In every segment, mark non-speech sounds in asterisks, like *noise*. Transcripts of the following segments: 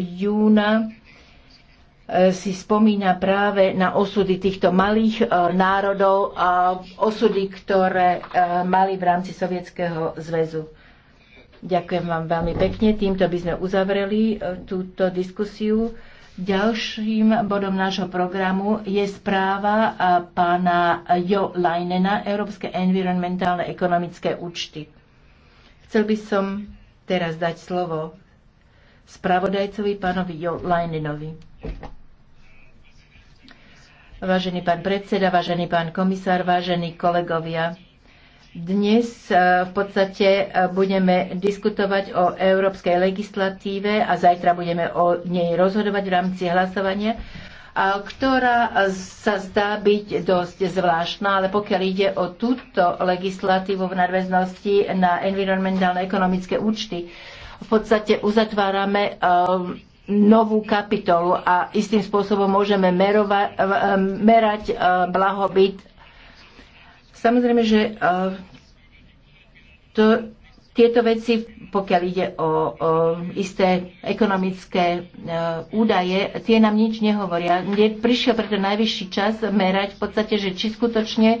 júna e, si spomína práve na osudy týchto malých e, národov a osudy, ktoré e, mali v rámci Sovietskeho zväzu. Ďakujem vám veľmi pekne. Týmto by sme uzavreli túto diskusiu. Ďalším bodom nášho programu je správa pána Jo Leinena, Európske environmentálne ekonomické účty. Chcel by som teraz dať slovo spravodajcovi pánovi Jo Lajninovi. Vážený pán predseda, vážený pán komisár, vážení kolegovia, dnes e, v podstate e, budeme diskutovať o európskej legislatíve a zajtra budeme o nej rozhodovať v rámci hlasovania, ktorá sa zdá byť dosť zvláštna, ale pokiaľ ide o túto legislatívu v nadväznosti na environmentálne ekonomické účty, v podstate uzatvárame ehm, novú kapitolu a istým spôsobom môžeme merova, ehm, merať ehm, blahobyt. Samozrejme, že to, tieto veci pokiaľ ide o, o isté ekonomické e, údaje, tie nám nič nehovoria. Mne prišiel preto najvyšší čas merať v podstate, že či skutočne e,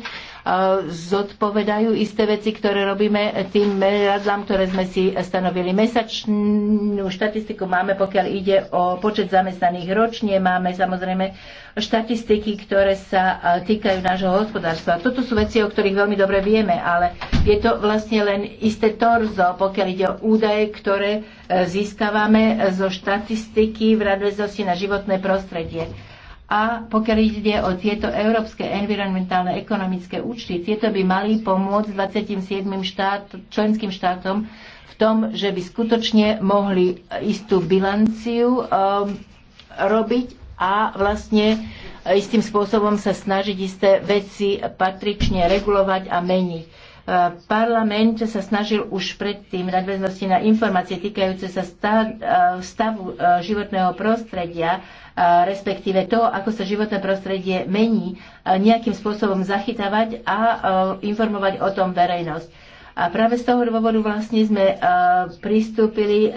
zodpovedajú isté veci, ktoré robíme tým meradlám, ktoré sme si stanovili. Mesačnú štatistiku máme, pokiaľ ide o počet zamestnaných ročne, máme samozrejme štatistiky, ktoré sa e, týkajú nášho hospodárstva. Toto sú veci, o ktorých veľmi dobre vieme, ale je to vlastne len isté torzo, pokiaľ ide o údaje, ktoré e, získavame zo štatistiky v nadväznosti na životné prostredie. A pokiaľ ide o tieto európske environmentálne ekonomické účty, tieto by mali pomôcť 27 štát, členským štátom v tom, že by skutočne mohli istú bilanciu um, robiť a vlastne e, istým spôsobom sa snažiť isté veci patrične regulovať a meniť. Eh, parlament sa snažil už predtým nadväznosti na informácie týkajúce sa eh, stavu eh, životného prostredia, respektíve to, ako sa životné prostredie mení, nejakým spôsobom zachytávať a informovať o tom verejnosť. A práve z toho dôvodu vlastne sme pristúpili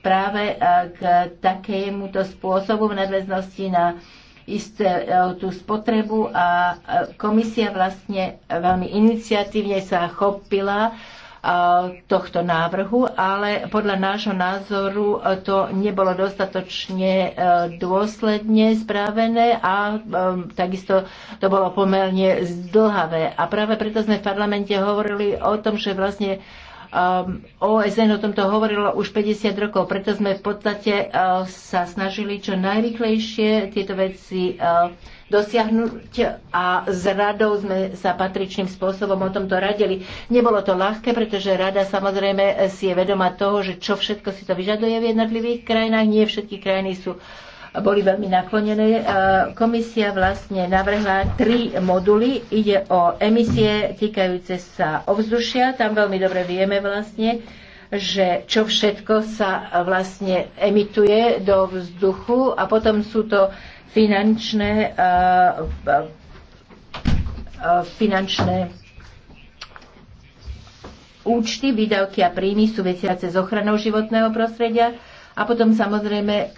práve k takémuto spôsobu v nadväznosti na isté e, tú spotrebu a e, komisia vlastne veľmi iniciatívne sa chopila e, tohto návrhu, ale podľa nášho názoru to nebolo dostatočne dôsledne spravené a takisto to bolo pomerne zdlhavé. A práve preto sme v parlamente hovorili o tom, že vlastne Um, OSN o tomto hovorilo už 50 rokov, preto sme v podstate uh, sa snažili čo najrychlejšie tieto veci uh, dosiahnuť a s radou sme sa patričným spôsobom o tomto radili. Nebolo to ľahké, pretože rada samozrejme si je vedoma toho, že čo všetko si to vyžaduje v jednotlivých krajinách. Nie všetky krajiny sú uh, boli veľmi naklonené. E, komisia vlastne navrhla tri moduly. Ide o emisie týkajúce sa ovzdušia. Tam veľmi dobre vieme vlastne, že čo všetko sa vlastne emituje do vzduchu a potom sú to finančné, e, e, finančné účty, výdavky a príjmy súvisiace s ochranou životného prostredia a potom samozrejme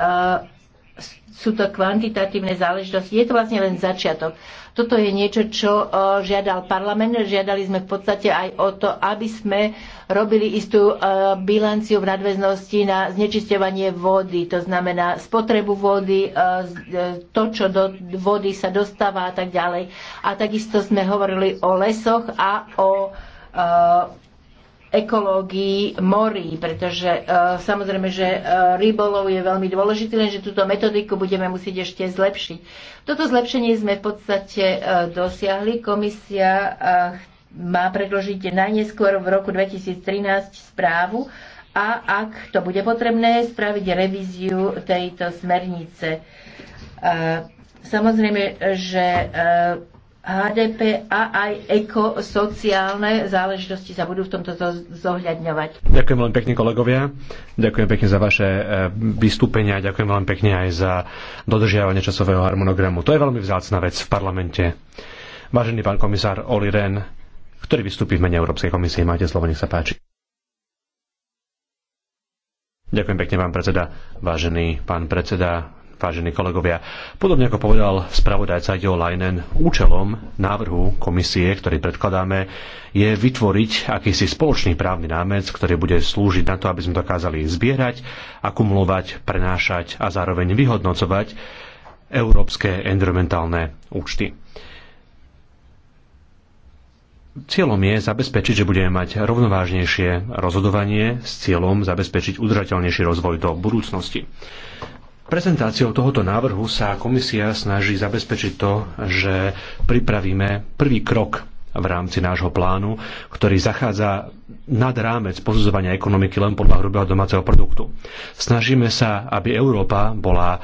sú to kvantitatívne záležitosti. Je to vlastne len začiatok. Toto je niečo, čo žiadal parlament. Žiadali sme v podstate aj o to, aby sme robili istú bilanciu v nadväznosti na znečisťovanie vody. To znamená spotrebu vody, e, to, čo do vody sa dostáva a tak ďalej. A takisto sme hovorili o lesoch a o ekológii morí, pretože uh, samozrejme, že uh, rybolov je veľmi dôležitý, lenže túto metodiku budeme musieť ešte zlepšiť. Toto zlepšenie sme v podstate uh, dosiahli. Komisia uh, má predložiť najneskôr v roku 2013 správu a ak to bude potrebné, spraviť revíziu tejto smernice. Uh, samozrejme, že uh, HDP a aj ekosociálne záležitosti sa budú v tomto zohľadňovať. Ďakujem veľmi pekne kolegovia, ďakujem pekne za vaše e, vystúpenia, ďakujem veľmi pekne aj za dodržiavanie časového harmonogramu. To je veľmi vzácna vec v parlamente. Vážený pán komisár Oli Ren, ktorý vystúpi v mene Európskej komisie, máte slovo, nech sa páči. Ďakujem pekne, pán predseda. Vážený pán predseda vážení kolegovia. Podobne ako povedal spravodajca Jo Leinen, účelom návrhu komisie, ktorý predkladáme, je vytvoriť akýsi spoločný právny rámec, ktorý bude slúžiť na to, aby sme dokázali zbierať, akumulovať, prenášať a zároveň vyhodnocovať európske environmentálne účty. Cieľom je zabezpečiť, že budeme mať rovnovážnejšie rozhodovanie s cieľom zabezpečiť udržateľnejší rozvoj do budúcnosti. Prezentáciou tohoto návrhu sa komisia snaží zabezpečiť to, že pripravíme prvý krok v rámci nášho plánu, ktorý zachádza nad rámec posudzovania ekonomiky len podľa hrubého domáceho produktu. Snažíme sa, aby Európa bola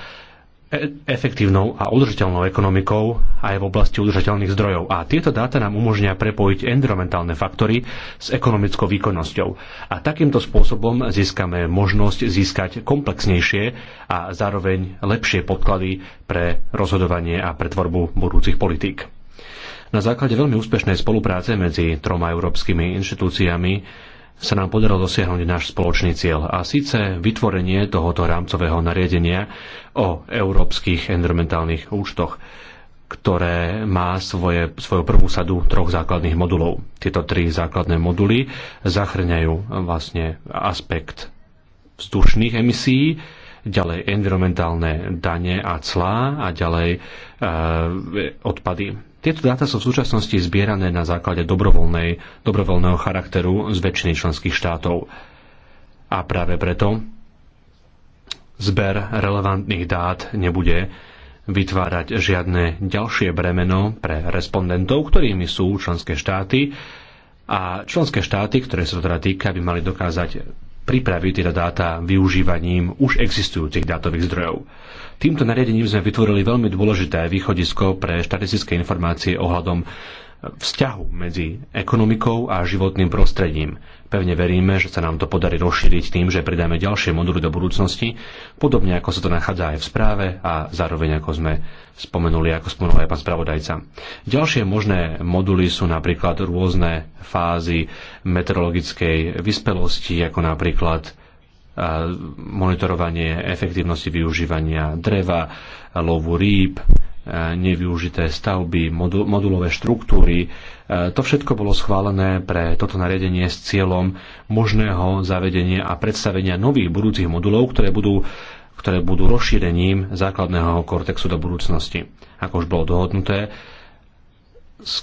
efektívnou a udržateľnou ekonomikou aj v oblasti udržateľných zdrojov. A tieto dáta nám umožnia prepojiť environmentálne faktory s ekonomickou výkonnosťou. A takýmto spôsobom získame možnosť získať komplexnejšie a zároveň lepšie podklady pre rozhodovanie a pre tvorbu budúcich politík. Na základe veľmi úspešnej spolupráce medzi troma európskymi inštitúciami sa nám podarilo dosiahnuť náš spoločný cieľ a síce vytvorenie tohoto rámcového nariadenia o európskych environmentálnych účtoch ktoré má svoje, svoju prvú sadu troch základných modulov. Tieto tri základné moduly zachrňajú vlastne aspekt vzdušných emisí, ďalej environmentálne dane a clá a ďalej e, odpady. Tieto dáta sú v súčasnosti zbierané na základe dobrovoľnej, dobrovoľného charakteru z väčšiny členských štátov. A práve preto zber relevantných dát nebude vytvárať žiadne ďalšie bremeno pre respondentov, ktorými sú členské štáty. A členské štáty, ktoré sa teda týka, by mali dokázať pripraviť tieto dáta využívaním už existujúcich dátových zdrojov. Týmto nariadením sme vytvorili veľmi dôležité východisko pre štatistické informácie ohľadom vzťahu medzi ekonomikou a životným prostredím. Pevne veríme, že sa nám to podarí rozšíriť tým, že pridáme ďalšie moduly do budúcnosti, podobne ako sa to nachádza aj v správe a zároveň ako sme spomenuli, ako spomenul aj pán spravodajca. Ďalšie možné moduly sú napríklad rôzne fázy meteorologickej vyspelosti, ako napríklad monitorovanie efektívnosti využívania dreva, lovu rýb, nevyužité stavby, modulové štruktúry. E, to všetko bolo schválené pre toto nariadenie s cieľom možného zavedenia a predstavenia nových budúcich modulov, ktoré budú ktoré budú rozšírením základného kortexu do budúcnosti. Ako už bolo dohodnuté,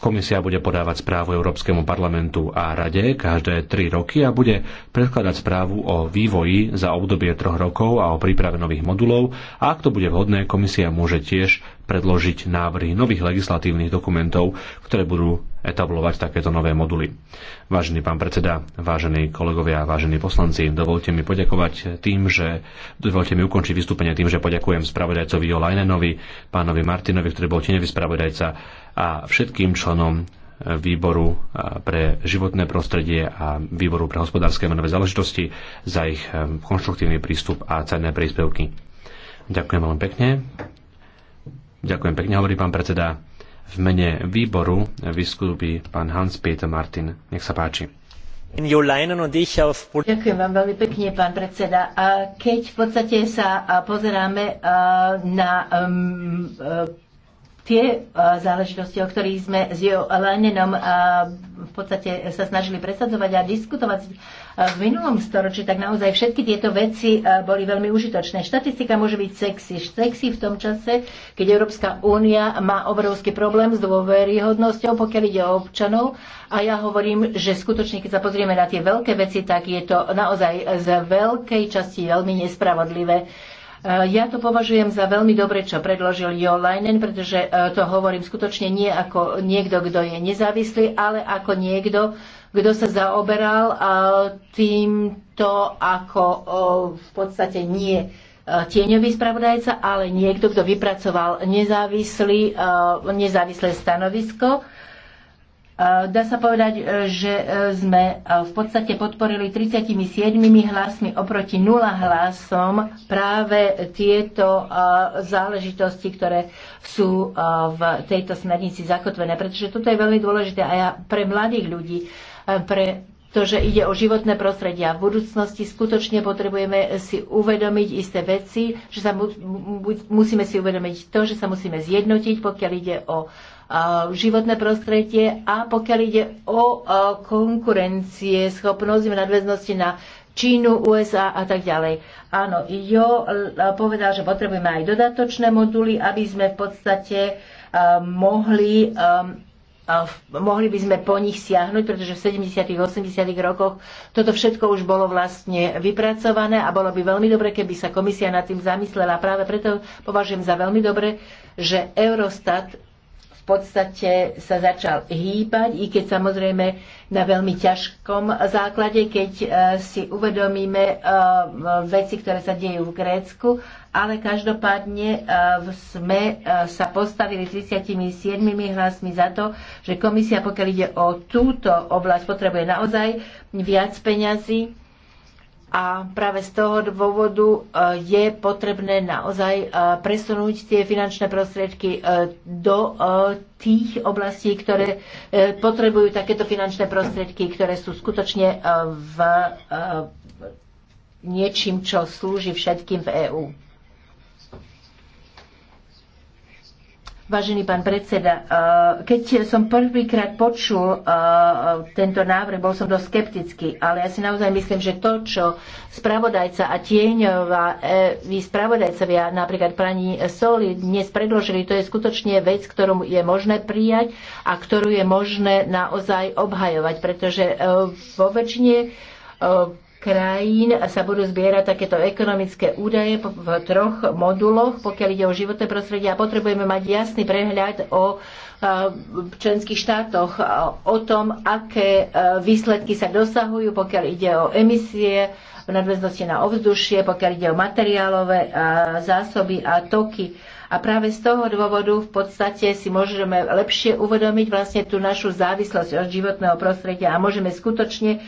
Komisia bude podávať správu Európskemu parlamentu a Rade každé tri roky a bude predkladať správu o vývoji za obdobie troch rokov a o príprave nových modulov a ak to bude vhodné, komisia môže tiež predložiť návrhy nových legislatívnych dokumentov, ktoré budú etablovať takéto nové moduly. Vážený pán predseda, vážení kolegovia, vážení poslanci, dovolte mi poďakovať tým, že dovolte mi ukončiť vystúpenie tým, že poďakujem spravodajcovi Jo pánovi Martinovi, ktorý bol tenevý spravodajca a všetkým členom e, výboru pre životné prostredie a výboru pre hospodárske menové záležitosti za ich e, konštruktívny prístup a cenné príspevky. Ďakujem veľmi pekne. Ďakujem pekne, hovorí pán predseda. V mene výboru vyskúpi pán Hans-Peter Martin. Nech sa páči. Ďakujem vám veľmi pekne, pán predseda. Keď v podstate sa pozeráme na um, tie e, záležitosti, o ktorých sme s Jo Lenenom e, v podstate sa snažili presadzovať a diskutovať e, v minulom storočí, tak naozaj všetky tieto veci boli veľmi užitočné. Štatistika môže byť sexy. Sexy v tom čase, keď Európska únia má obrovský problém s dôveryhodnosťou, pokiaľ ide o občanov. A ja hovorím, že skutočne, keď sa pozrieme na tie veľké veci, tak je to naozaj z veľkej časti veľmi nespravodlivé Eh, ja to považujem za veľmi dobre, čo predložil Jo Leinen, pretože eh, to hovorím skutočne nie ako niekto, kto je nezávislý, ale ako niekto, kto sa zaoberal eh, týmto ako v podstate nie tieňový spravodajca, ale niekto, kto vypracoval nezávislý, nezávislé stanovisko Eh, dá sa povedať, eh, že eh, sme v podstate podporili 37 hlasmi oproti 0 hlasom práve tieto záležitosti, ktoré sú v tejto smernici zakotvené. Pretože toto je veľmi dôležité aj pre mladých ľudí, pre to, že ide o životné prostredia. V budúcnosti skutočne potrebujeme si uvedomiť isté veci, že sa mu, musíme si uvedomiť to, že sa musíme zjednotiť, pokiaľ ide o životné prostredie a pokiaľ ide o konkurencie, schopnosť v nadväznosti na Čínu, USA a tak ďalej. Áno, Jo povedal, že potrebujeme aj dodatočné moduly, aby sme v podstate mohli mohli by sme po nich siahnuť, pretože v 70. -tych, 80. rokoch toto všetko už bolo vlastne vypracované a bolo by veľmi dobre, keby sa komisia nad tým zamyslela. Práve preto považujem za veľmi dobre, že Eurostat v podstate sa začal hýbať, i keď samozrejme na veľmi ťažkom základe, keď e, si uvedomíme e, veci, ktoré sa dejú v Grécku, ale každopádne e, sme sa postavili 37 hlasmi za to, že komisia, pokiaľ ide o túto oblasť, potrebuje naozaj viac peňazí a práve z toho dôvodu e, je potrebné naozaj e, presunúť tie finančné prostriedky e, do tých oblastí, ktoré potrebujú takéto finančné prostriedky, ktoré sú skutočne v niečím, čo slúži všetkým v EÚ. Vážený pán predseda, eh, keď som prvýkrát počul eh, tento návrh, bol som dosť skeptický, ale ja si naozaj myslím, že to, čo spravodajca a tieňová, eh, vy spravodajcovia, napríklad pani Soli, dnes predložili, to je skutočne vec, ktorú je možné prijať a ktorú je možné naozaj obhajovať, pretože vo väčšine krajín sa budú zbierať takéto ekonomické údaje v troch moduloch, pokiaľ ide o životné prostredie a potrebujeme mať jasný prehľad o členských štátoch, o tom, aké výsledky sa dosahujú, pokiaľ ide o emisie v nadväznosti na ovzdušie, pokiaľ ide o materiálové zásoby a toky a práve z toho dôvodu v podstate si môžeme lepšie uvedomiť vlastne tú našu závislosť od životného prostredia a môžeme skutočne e,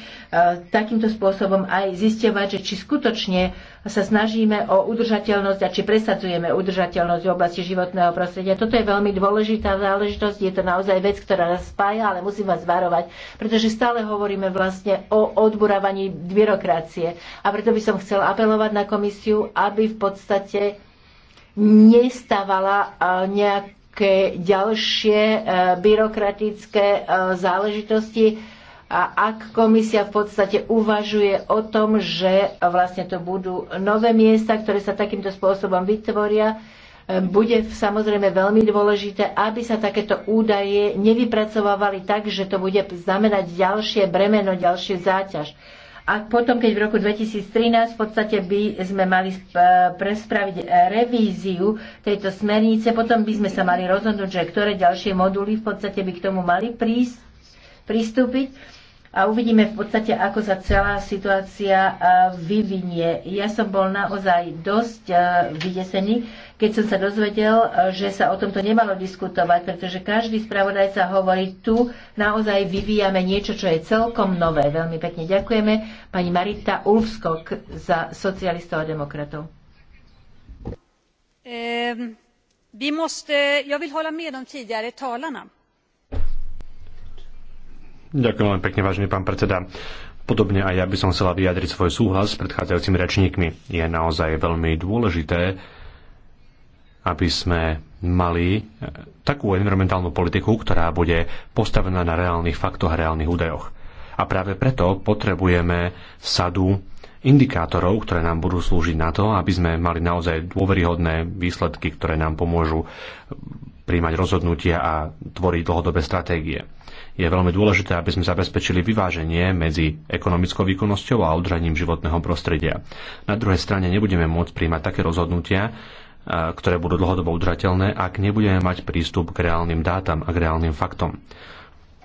takýmto spôsobom aj zistiovať, že či skutočne sa snažíme o udržateľnosť a či presadzujeme udržateľnosť v oblasti životného prostredia. Toto je veľmi dôležitá záležitosť, je to naozaj vec, ktorá nás spája, ale musím vás varovať, pretože stále hovoríme vlastne o odburávaní byrokracie. A preto by som chcela apelovať na komisiu, aby v podstate nestávala e, nejaké ďalšie e, byrokratické e, záležitosti a ak komisia v podstate uvažuje o tom, že vlastne to budú nové miesta, ktoré sa takýmto spôsobom vytvoria, bude samozrejme veľmi dôležité, aby sa takéto údaje nevypracovávali tak, že to bude znamenať ďalšie bremeno, ďalšie záťaž. A potom, keď v roku 2013 v podstate by sme mali e, prespraviť revíziu tejto smernice, potom by sme sa mali rozhodnúť, že ktoré ďalšie moduly v podstate by k tomu mali prísť, pristúpiť a uvidíme v podstate, ako sa celá situácia vyvinie. Ja som bol naozaj dosť vydesený, keď som sa dozvedel, že sa o tomto nemalo diskutovať, pretože každý spravodajca hovorí, tu naozaj vyvíjame niečo, čo je celkom nové. Veľmi pekne ďakujeme pani Marita Ulfskok za socialistov a demokratov. Um, vi måste, jag vill hålla med de tidigare talarna. Ďakujem veľmi pekne, vážený pán predseda. Podobne aj ja by som chcela vyjadriť svoj súhlas s predchádzajúcimi rečníkmi. Je naozaj veľmi dôležité, aby sme mali e, takú environmentálnu politiku, ktorá bude postavená na reálnych faktoch a reálnych údajoch. A práve preto potrebujeme sadu indikátorov, ktoré nám budú slúžiť na to, aby sme mali naozaj dôveryhodné výsledky, ktoré nám pomôžu e, príjmať rozhodnutia a tvoriť dlhodobé stratégie je veľmi dôležité, aby sme zabezpečili vyváženie medzi ekonomickou výkonnosťou a udržaním životného prostredia. Na druhej strane nebudeme môcť príjmať také rozhodnutia, ktoré budú dlhodobo udržateľné, ak nebudeme mať prístup k reálnym dátam a k reálnym faktom.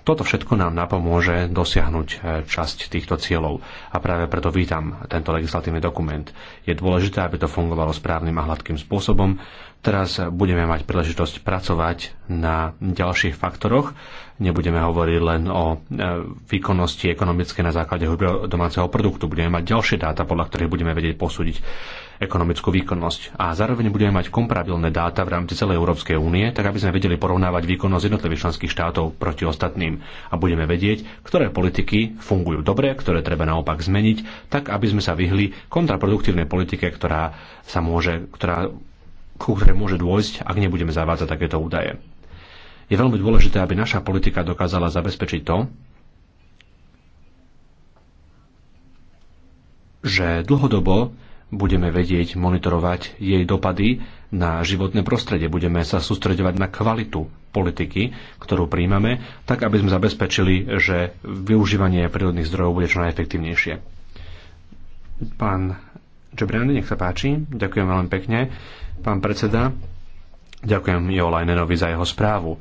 Toto všetko nám napomôže dosiahnuť e, časť týchto cieľov a práve preto vítam tento legislatívny dokument. Je dôležité, aby to fungovalo správnym a hladkým spôsobom. Teraz budeme mať príležitosť pracovať na ďalších faktoroch. Nebudeme hovoriť len o e, výkonnosti ekonomické na základe domáceho produktu. Budeme mať ďalšie dáta, podľa ktorých budeme vedieť posúdiť ekonomickú výkonnosť. A zároveň budeme mať komparabilné dáta v rámci celej Európskej únie, tak aby sme vedeli porovnávať výkonnosť jednotlivých členských štátov proti ostatným. A budeme vedieť, ktoré politiky fungujú dobre, ktoré treba naopak zmeniť, tak aby sme sa vyhli kontraproduktívnej politike, ktorá sa môže, ktorá, ku ktorej môže dôjsť, ak nebudeme zavádzať takéto údaje. Je veľmi dôležité, aby naša politika dokázala zabezpečiť to, že dlhodobo budeme vedieť monitorovať jej dopady na životné prostredie. Budeme sa sústredovať na kvalitu politiky, ktorú príjmame, tak aby sme zabezpečili, že využívanie prírodných zdrojov bude čo najefektívnejšie. Pán Čebrany, nech sa páči. Ďakujem veľmi pekne. Pán predseda, ďakujem Jo Lajnenovi za jeho správu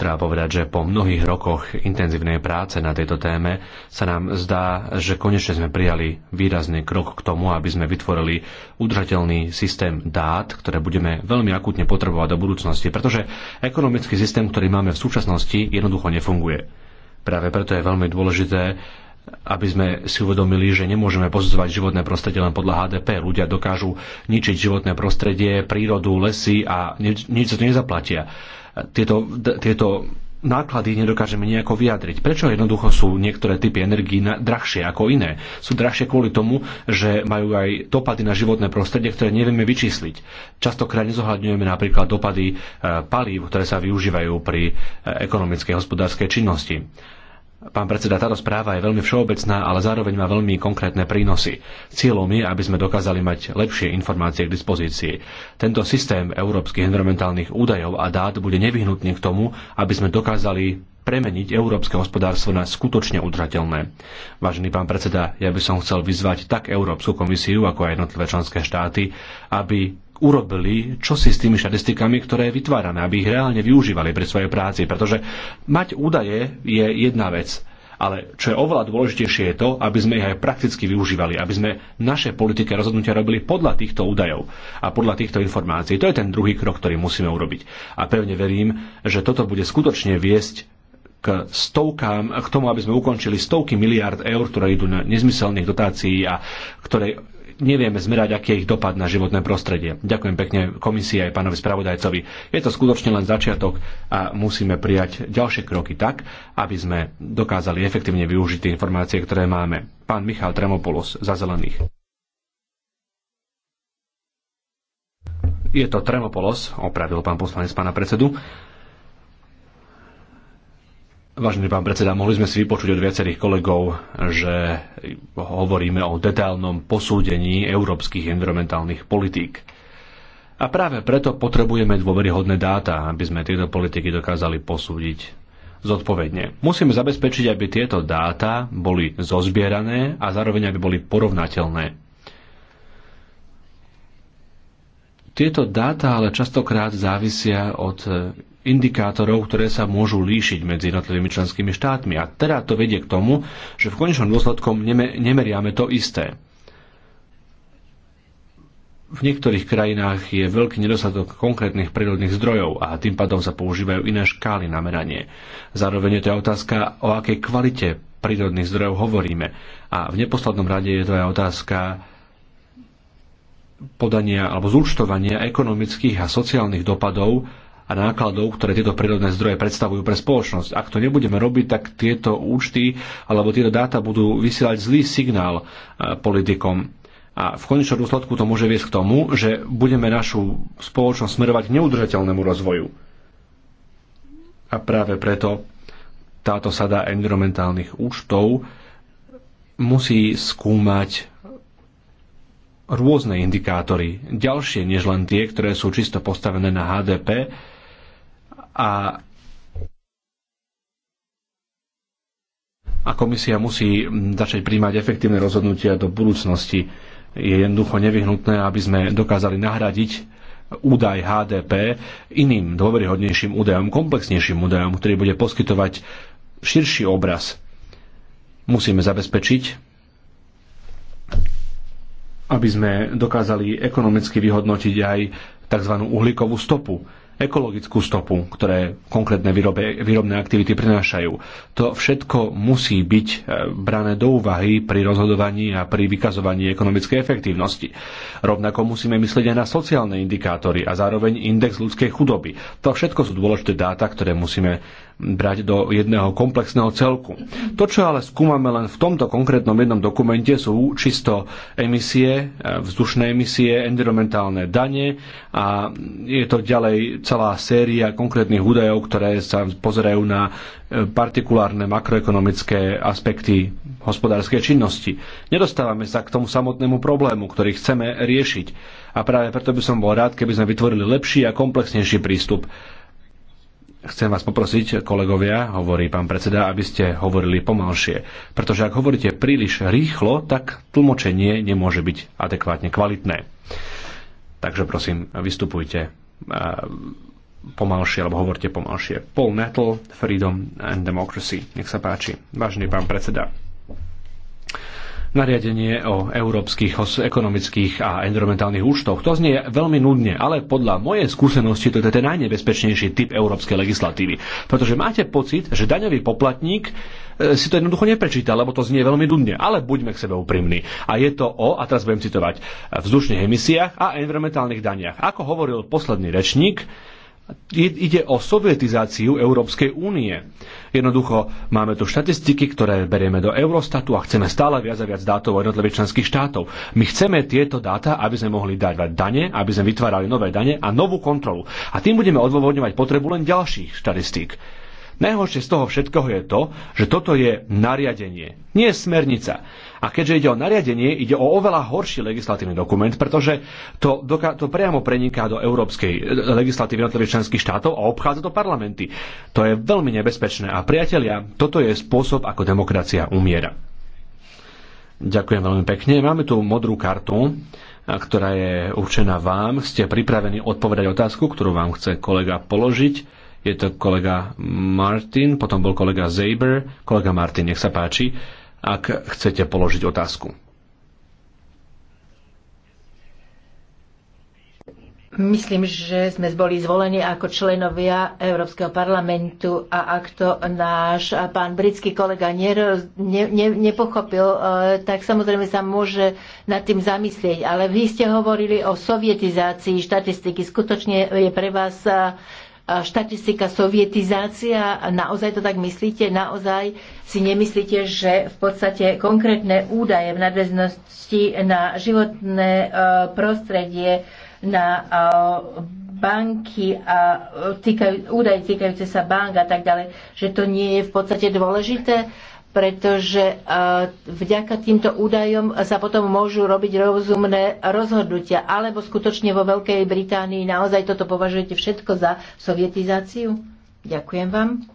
Treba povedať, že po mnohých rokoch intenzívnej práce na tejto téme sa nám zdá, že konečne sme prijali výrazný krok k tomu, aby sme vytvorili udržateľný systém dát, ktoré budeme veľmi akútne potrebovať do budúcnosti, pretože ekonomický systém, ktorý máme v súčasnosti, jednoducho nefunguje. Práve preto je veľmi dôležité aby sme si uvedomili, že nemôžeme posudzovať životné prostredie len podľa HDP. Ľudia dokážu ničiť životné prostredie, prírodu, lesy a nič, sa to nezaplatia. Tieto, tieto náklady nedokážeme nejako vyjadriť. Prečo jednoducho sú niektoré typy energií drahšie ako iné? Sú drahšie kvôli tomu, že majú aj dopady na životné prostredie, ktoré nevieme vyčísliť. Častokrát nezohľadňujeme napríklad dopady e, palív, ktoré sa využívajú pri e, ekonomickej hospodárskej činnosti Pán predseda, táto správa je veľmi všeobecná, ale zároveň má veľmi konkrétne prínosy. Cieľom je, aby sme dokázali mať lepšie informácie k dispozícii. Tento systém európskych environmentálnych údajov a dát bude nevyhnutný k tomu, aby sme dokázali premeniť európske hospodárstvo na skutočne udržateľné. Vážený pán predseda, ja by som chcel vyzvať tak Európsku komisiu, ako aj jednotlivé členské štáty, aby urobili čo si s tými štatistikami, ktoré vytvárame, aby ich reálne využívali pri svojej práci. Pretože mať údaje je jedna vec, ale čo je oveľa dôležitejšie je to, aby sme ich aj prakticky využívali, aby sme naše politické rozhodnutia robili podľa týchto údajov a podľa týchto informácií. To je ten druhý krok, ktorý musíme urobiť. A pevne verím, že toto bude skutočne viesť k stovkám, k tomu, aby sme ukončili stovky miliard eur, ktoré idú na nezmyselných dotácií a ktoré nevieme zmerať, aký je ich dopad na životné prostredie. Ďakujem pekne komisii aj pánovi spravodajcovi. Je to skutočne len začiatok a musíme prijať ďalšie kroky tak, aby sme dokázali efektívne využiť tie informácie, ktoré máme. Pán Michal Tremopoulos za zelených. Je to Tremopolos, opravil pán poslanec pána predsedu. Vážený pán predseda, mohli sme si vypočuť od viacerých kolegov, že hovoríme o detailnom posúdení európskych environmentálnych politík. A práve preto potrebujeme dôveryhodné dáta, aby sme tieto politiky dokázali posúdiť zodpovedne. Musíme zabezpečiť, aby tieto dáta boli zozbierané a zároveň aby boli porovnateľné. Tieto dáta ale častokrát závisia od e, indikátorov, ktoré sa môžu líšiť medzi jednotlivými členskými štátmi. A teda to vedie k tomu, že v konečnom dôsledku nemeriame to isté. V niektorých krajinách je veľký nedostatok konkrétnych prírodných zdrojov a tým pádom sa používajú iné škály na meranie. Zároveň je to aj otázka, o akej kvalite prírodných zdrojov hovoríme. A v neposlednom rade je to aj otázka podania alebo zúčtovania ekonomických a sociálnych dopadov a nákladov, ktoré tieto prírodné zdroje predstavujú pre spoločnosť. Ak to nebudeme robiť, tak tieto účty alebo tieto dáta budú vysielať zlý signál e, politikom. A v konečnom dôsledku to môže viesť k tomu, že budeme našu spoločnosť smerovať k neudržateľnému rozvoju. A práve preto táto sada environmentálnych účtov musí skúmať rôzne indikátory, ďalšie než len tie, ktoré sú čisto postavené na HDP a a komisia musí mm, začať príjmať efektívne rozhodnutia do budúcnosti. Je jednoducho nevyhnutné, aby sme dokázali nahradiť údaj HDP iným dôveryhodnejším údajom, komplexnejším údajom, ktorý bude poskytovať širší obraz. Musíme zabezpečiť, aby sme dokázali ekonomicky vyhodnotiť aj tzv. uhlíkovú stopu, ekologickú stopu, ktoré konkrétne výrobe, výrobné aktivity prinášajú. To všetko musí byť e, brané do úvahy pri rozhodovaní a pri vykazovaní ekonomickej efektívnosti. Rovnako musíme myslieť aj na sociálne indikátory a zároveň index ľudskej chudoby. To všetko sú dôležité dáta, ktoré musíme brať do jedného komplexného celku. To, čo ale skúmame len v tomto konkrétnom jednom dokumente, sú čisto emisie, e, vzdušné emisie, environmentálne dane a je to ďalej celá séria konkrétnych údajov, ktoré sa pozerajú na e, partikulárne makroekonomické aspekty hospodárskej činnosti. Nedostávame sa k tomu samotnému problému, ktorý chceme riešiť. A práve preto by som bol rád, keby sme vytvorili lepší a komplexnejší prístup Chcem vás poprosiť, kolegovia, hovorí pán predseda, aby ste hovorili pomalšie. Pretože ak hovoríte príliš rýchlo, tak tlmočenie nemôže byť adekvátne kvalitné. Takže prosím, vystupujte eh, pomalšie, alebo hovorte pomalšie. Paul Nettle, Freedom and Democracy. Nech sa páči. Vážený pán predseda, nariadenie o európskych ekonomických a environmentálnych účtoch. To znie veľmi nudne, ale podľa mojej skúsenosti to je ten najnebezpečnejší typ európskej legislatívy. Pretože máte pocit, že daňový poplatník e, si to jednoducho neprečíta, lebo to znie veľmi dudne. Ale buďme k sebe úprimní. A je to o, a teraz budem citovať, vzdušných emisiách a environmentálnych daniach. Ako hovoril posledný rečník, ide o sovietizáciu Európskej únie. Jednoducho máme tu štatistiky, ktoré berieme do Eurostatu a chceme stále viac a viac dátov od jednotlivých členských štátov. My chceme tieto dáta, aby sme mohli dávať dane, aby sme vytvárali nové dane a novú kontrolu. A tým budeme odôvodňovať potrebu len ďalších štatistík. Najhoršie z toho všetkého je to, že toto je nariadenie, nie smernica. A keďže ide o nariadenie, ide o oveľa horší legislatívny dokument, pretože to, to priamo preniká do európskej e, legislatívy jednotlivých členských štátov a obchádza do parlamenty. To je veľmi nebezpečné. A priatelia, toto je spôsob, ako demokracia umiera. Ďakujem veľmi pekne. Máme tu modrú kartu, e, ktorá je určená vám. Ste pripravení odpovedať otázku, ktorú vám chce kolega položiť. Je to kolega Martin, potom bol kolega Zaber. kolega Martin, nech sa páči ak chcete položiť otázku. Myslím, že sme boli zvolení ako členovia Európskeho parlamentu a ak to náš pán britský kolega neroz, ne, ne, nepochopil, eh, tak samozrejme sa môže nad tým zamyslieť. Ale vy ste hovorili o sovietizácii štatistiky. Skutočne je pre vás eh, štatistika sovietizácia. Naozaj to tak myslíte? Naozaj si nemyslíte, že v podstate konkrétne údaje v nadväznosti na životné e, prostredie, na e, banky a e, týkajú, údaje týkajúce sa bank a tak ďalej, že to nie je v podstate dôležité? pretože e, vďaka týmto údajom sa potom môžu robiť rozumné rozhodnutia. Alebo skutočne vo Veľkej Británii naozaj toto považujete všetko za sovietizáciu? Ďakujem vám.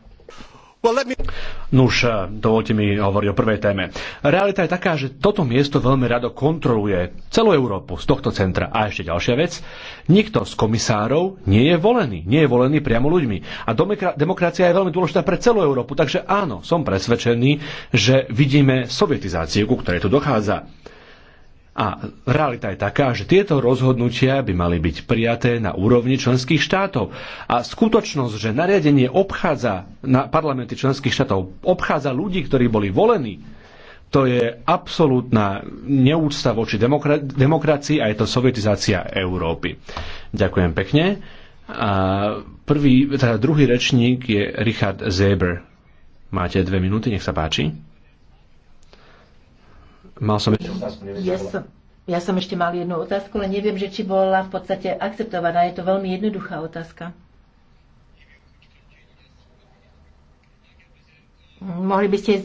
Nuž, eh, dovolte mi hovoriť o prvej téme. Realita je taká, že toto miesto veľmi rado kontroluje celú Európu z tohto centra. A ešte ďalšia vec. Nikto z komisárov nie je volený. Nie je volený priamo ľuďmi. A demokracia je veľmi dôležitá pre celú Európu. Takže áno, som presvedčený, že vidíme sovietizáciu, ku ktorej tu dochádza. A realita je taká, že tieto rozhodnutia by mali byť prijaté na úrovni členských štátov. A skutočnosť, že nariadenie obchádza na parlamenty členských štátov, obchádza ľudí, ktorí boli volení, to je absolútna neúcta voči demokra- demokracii a je to sovietizácia Európy. Ďakujem pekne. A prvý, teda druhý rečník je Richard Zeber. Máte dve minúty, nech sa páči. Mal som ešte otázku, neviem, ja som, ja som ešte mal jednu otázku, ale neviem, že či bola v podstate akceptovaná. Je to veľmi jednoduchá otázka. Mohli by ste e,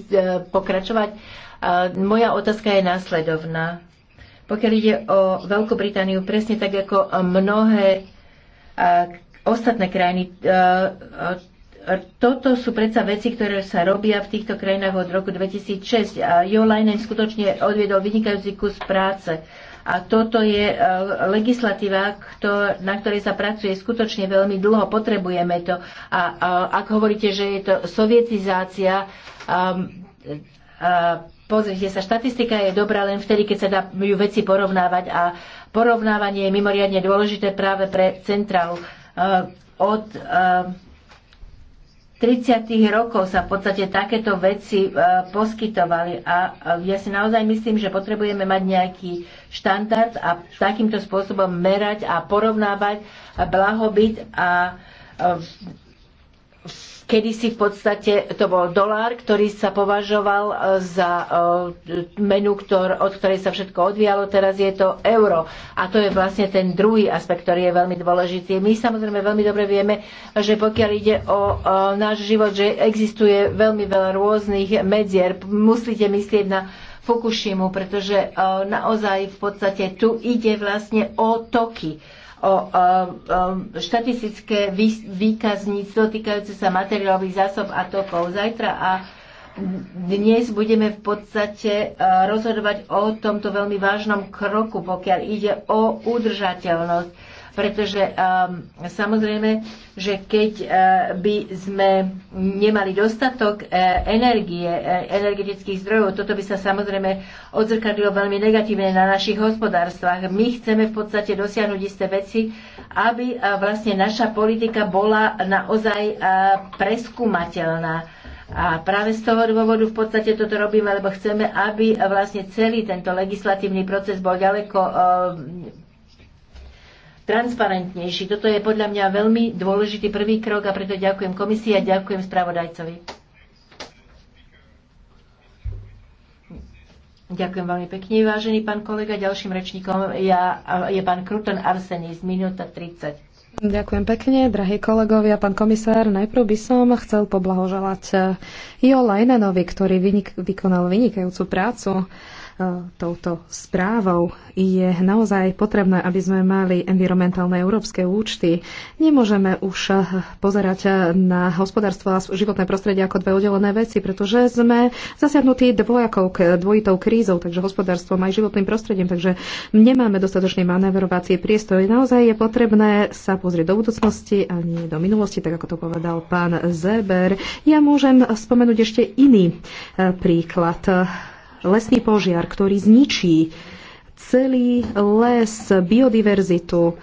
pokračovať? E, moja otázka je následovná. Pokiaľ ide o Veľkú Britániu, presne tak ako mnohé e, ostatné krajiny, toto sú predsa veci, ktoré sa robia v týchto krajinách od roku 2006 a Jo Leinen skutočne odviedol vynikajúci kus práce. A toto je e, legislatíva, na ktorej sa pracuje skutočne veľmi dlho, potrebujeme to. A, ak hovoríte, že je to sovietizácia, ehm, e, pozrite sa, štatistika je dobrá len vtedy, keď sa dá ju veci porovnávať a porovnávanie je mimoriadne dôležité práve pre centrálu. E, od ehm, 30. rokov sa v podstate takéto veci e, poskytovali a ja si naozaj myslím, že potrebujeme mať nejaký štandard a takýmto spôsobom merať a porovnávať blahobyt a e, Kedy si v podstate to bol dolár, ktorý sa považoval e, za e, menu, ktor, od ktorej sa všetko odvíjalo, teraz je to euro. A to je vlastne ten druhý aspekt, ktorý je veľmi dôležitý. My samozrejme veľmi dobre vieme, že pokiaľ ide o e, náš život, že existuje veľmi veľa rôznych medzier. Musíte myslieť na Fukushimu, pretože naozaj v podstate tu ide vlastne o toky o štatistické výkazníctvo týkajúce sa materiálových zásob a tokov. Zajtra a dnes budeme v podstate e, rozhodovať o tomto veľmi vážnom kroku, pokiaľ ide o udržateľnosť pretože um, samozrejme, že keď uh, by sme nemali dostatok uh, energie, uh, energetických zdrojov, toto by sa samozrejme odzrkadlilo veľmi negatívne na našich hospodárstvách. My chceme v podstate dosiahnuť isté veci, aby uh, vlastne naša politika bola naozaj uh, preskúmateľná. A práve z toho dôvodu v podstate toto robíme, lebo chceme, aby vlastne celý tento legislatívny proces bol ďaleko transparentnejší. Toto je podľa mňa veľmi dôležitý prvý krok a preto ďakujem komisii a ďakujem spravodajcovi. Ďakujem veľmi pekne, vážený pán kolega. Ďalším rečníkom ja, je pán Kruton Arsenis, minúta 30. Ďakujem pekne, drahí kolegovia, pán komisár. Najprv by som chcel poblahoželať Jo Lajnanovi, ktorý vynik- vykonal vynikajúcu prácu E, touto správou, je naozaj potrebné, aby sme mali environmentálne európske účty. Nemôžeme už e, pozerať na hospodárstvo a životné prostredie ako dve oddelené veci, pretože sme zasiahnutí dvojakou, dvojitou krízou, takže hospodárstvom aj životným prostredím, takže nemáme dostatočný manevrovací priestor. Naozaj je potrebné sa pozrieť do budúcnosti a nie do minulosti, tak ako to povedal pán Zeber. Ja môžem spomenúť ešte iný e, príklad lesný požiar, ktorý zničí celý les, biodiverzitu,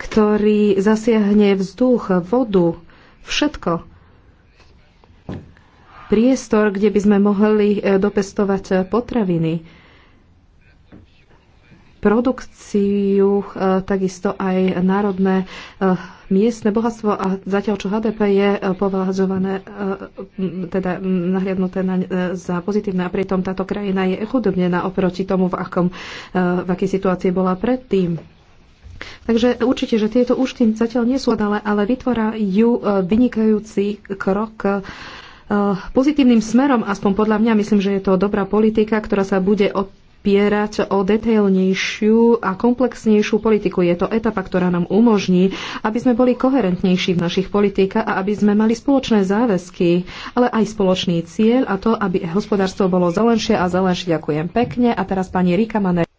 ktorý zasiahne vzduch, vodu, všetko. Priestor, kde by sme mohli e, dopestovať e, potraviny, produkciu, e, takisto aj národné miestne bohatstvo a zatiaľ čo HDP je e, považované, e, teda nahliadnuté na, e, za pozitívne a pritom táto krajina je chudobnená oproti tomu, v, akom, v akej situácii bola predtým. Takže určite, že tieto účty zatiaľ nie sú ale, ale vytvárajú vynikajúci krok pozitívnym smerom, aspoň podľa mňa, myslím, že je to dobrá politika, ktorá sa bude od, opierať o detailnejšiu a komplexnejšiu politiku. Je to etapa, ktorá nám umožní, aby sme boli koherentnejší v našich politikách a aby sme mali spoločné záväzky, ale aj spoločný cieľ a to, aby hospodárstvo bolo zelenšie a zelenšie. Ďakujem pekne. A teraz pani Rika Maner.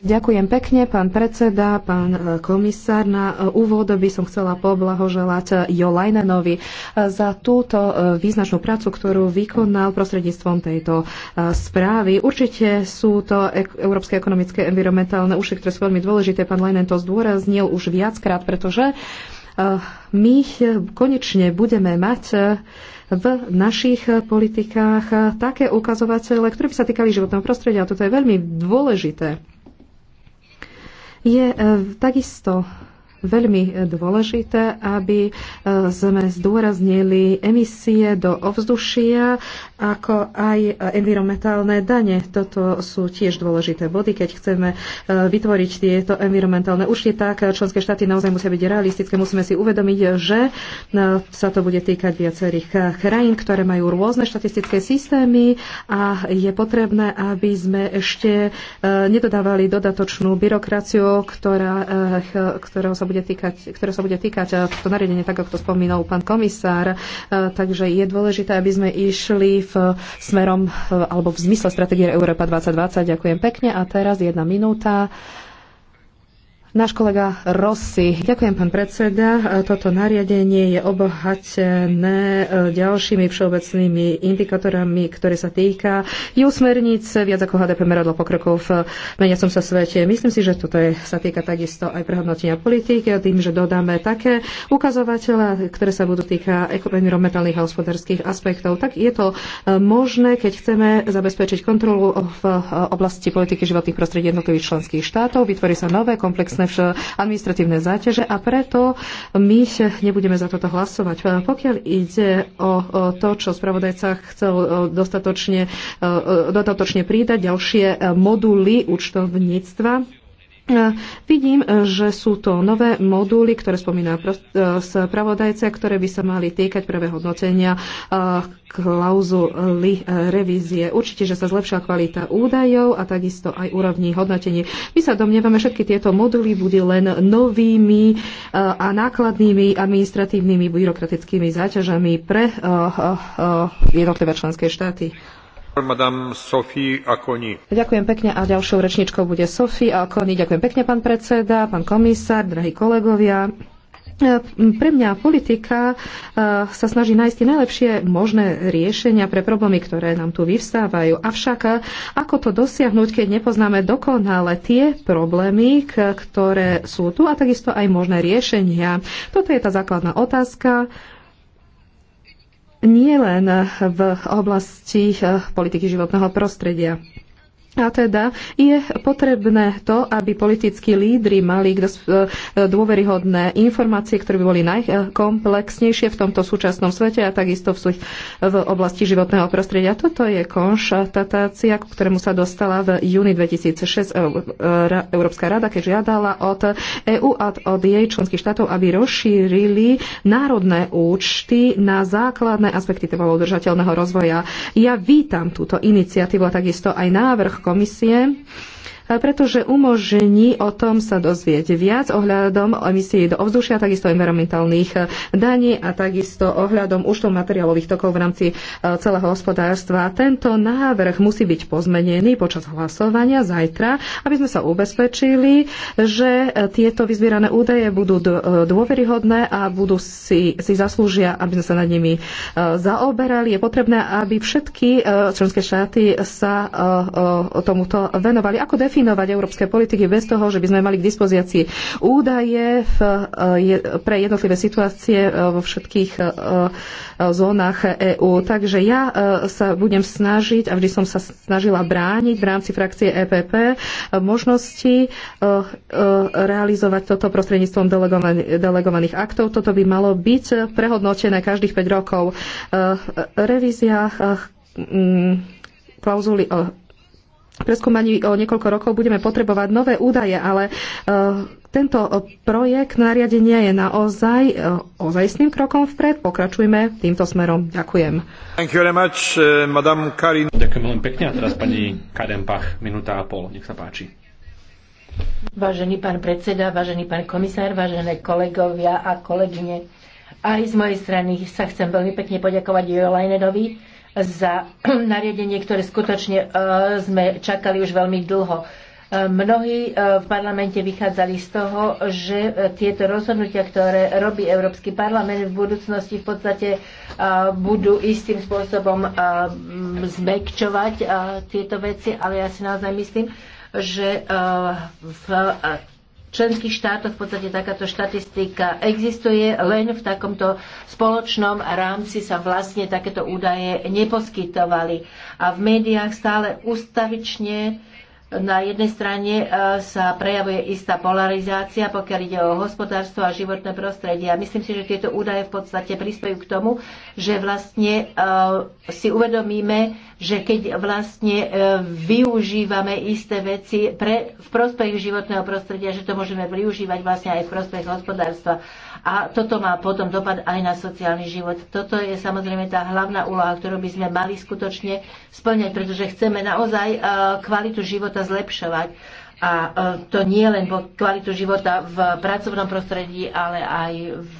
Ďakujem pekne, pán predseda, pán e, komisár. Na e, úvod by som chcela poblahoželať e, Jo Lajnenovi za túto význačnú prácu, ktorú vykonal prostredníctvom tejto správy. Určite sú to európske ekonomické environmentálne uši, ktoré sú veľmi dôležité. Pán Lajnen to zdôraznil už viackrát, pretože my konečne budeme mať v našich politikách také ukazovatele, ktoré by sa týkali životného prostredia. A toto je veľmi dôležité. Je eh, takisto veľmi e, dôležité, aby e, sme zdôraznili emisie do ovzdušia, ako aj e, environmentálne dane. Toto sú tiež dôležité body, keď chceme vytvoriť tieto environmentálne Určite tak členské štáty naozaj musia byť realistické. Musíme si uvedomiť, že sa to bude týkať viacerých krajín, ktoré majú rôzne štatistické systémy a je potrebné, aby sme ešte nedodávali dodatočnú byrokraciu, ktorá, ktorého sa bude týkať, ktoré sa bude týkať eh, to nariadenie, tak ako to spomínal pán komisár. Eh, takže je dôležité, aby sme išli v smerom eh, alebo v zmysle stratégie Európa 2020. Ďakujem pekne a teraz jedna minúta. Náš kolega Rossi. Ďakujem, pán predseda. Toto nariadenie je obohatené e, ďalšími všeobecnými indikátorami, ktoré sa týka ju smerníc viac ako HDP meradlo pokrokov v meniacom sa svete. Myslím si, že toto je, sa týka takisto aj prehodnotenia politík, tým, že dodáme také ukazovatele, ktoré sa budú týka environmentálnych a hospodárskych aspektov. Tak je to e, možné, keď chceme zabezpečiť kontrolu v e, oblasti politiky životných prostredí jednotlivých členských štátov. Vytvorí sa nové komplexné rôzne administratívne záťaže a preto my nebudeme za toto hlasovať. Pokiaľ ide o to, čo spravodajca chcel e, dostatočne, e, e, pridať, ďalšie moduly účtovníctva, Vidím, e, že sú to nové moduly, ktoré spomína e, spravodajca, ktoré by sa mali týkať prvé hodnotenia e, klauzuly revízie. Určite, že sa zlepšia kvalita údajov a takisto aj úrovní hodnotení. My sa domnievame, všetky tieto moduly budú len novými a nákladnými administratívnymi byrokratickými záťažami pre jednotlivé členské štáty. Ďakujem pekne a ďalšou rečničkou bude Sophie Akoni. Ďakujem pekne, pán predseda, pán komisár, drahí kolegovia. E, pre mňa politika e, sa snaží nájsť tie najlepšie možné riešenia pre problémy, ktoré nám tu vyvstávajú. Avšak e, ako to dosiahnuť, keď nepoznáme dokonale tie problémy, ktoré sú tu a takisto aj možné riešenia? Toto je tá základná otázka, nie len v oblasti eh, politiky životného prostredia. A teda je potrebné to, aby politickí lídry mali e, dôveryhodné informácie, ktoré by boli najkomplexnejšie v tomto súčasnom svete a takisto v, v oblasti životného prostredia. Toto je konštatácia, k ktorému sa dostala v júni 2006 Európska rada, keď žiadala od EÚ a od jej členských štátov, aby rozšírili národné účty na základné aspekty trvalo udržateľného rozvoja. Ja vítam túto iniciatívu a takisto aj návrh komisie E, pretože umožní o tom sa dozvieť viac ohľadom emisí do ovzdušia, takisto environmentálnych e, daní a takisto ohľadom uštov materiálových tokov v rámci e, celého hospodárstva. Tento návrh musí byť pozmenený počas hlasovania zajtra, aby sme sa ubezpečili, že tieto vyzbierané údaje budú dôveryhodné a budú si, si zaslúžia, aby sme sa nad nimi zaoberali. Je potrebné, aby všetky členské štáty sa tomuto venovali. Ako definí definovať európske politiky bez toho, že by sme mali k dispozícii údaje v, eh, je, pre jednotlivé situácie eh, vo všetkých eh, zónach EÚ. Takže ja sa budem snažiť a vždy som sa snažila brániť v rámci frakcie EPP možnosti realizovať toto prostredníctvom delegovaných aktov. Toto by malo byť prehodnotené každých 5 rokov. Revízia klauzuly o preskúmaní o niekoľko rokov budeme potrebovať nové údaje, ale e, tento projekt nariadenia je naozaj e, ozajstným krokom vpred. Pokračujme týmto smerom. Ďakujem. Thank you very much, e, Madame Karin. Ďakujem veľmi pekne a teraz pani Pach minúta a pol. Nech sa páči. Vážený pán predseda, vážený pán komisár, vážené kolegovia a kolegyne, aj z mojej strany sa chcem veľmi pekne poďakovať Jo za *clears throat* nariadenie, ktoré skutočne e, sme čakali už veľmi dlho. E, mnohí e, v parlamente vychádzali z toho, že tieto rozhodnutia, ktoré robí Európsky parlament v budúcnosti, v podstate budú istým spôsobom zmekčovať tieto veci, ale ja si naozaj myslím, že v členských štátoch v podstate takáto štatistika existuje, len v takomto spoločnom rámci sa vlastne takéto údaje neposkytovali. A v médiách stále ustavične na jednej strane e, sa prejavuje istá polarizácia, pokiaľ ide o hospodárstvo a životné prostredie. A myslím si, že tieto údaje v podstate prispejú k tomu, že vlastne e, si uvedomíme, že keď vlastne e, využívame isté veci pre, v prospech životného prostredia, že to môžeme využívať vlastne aj v prospech hospodárstva a toto má potom dopad aj na sociálny život. Toto je samozrejme tá hlavná úloha, ktorú by sme mali skutočne splňať, pretože chceme naozaj e, kvalitu života zlepšovať. A e, to nie len po kvalitu života v pracovnom prostredí, ale aj v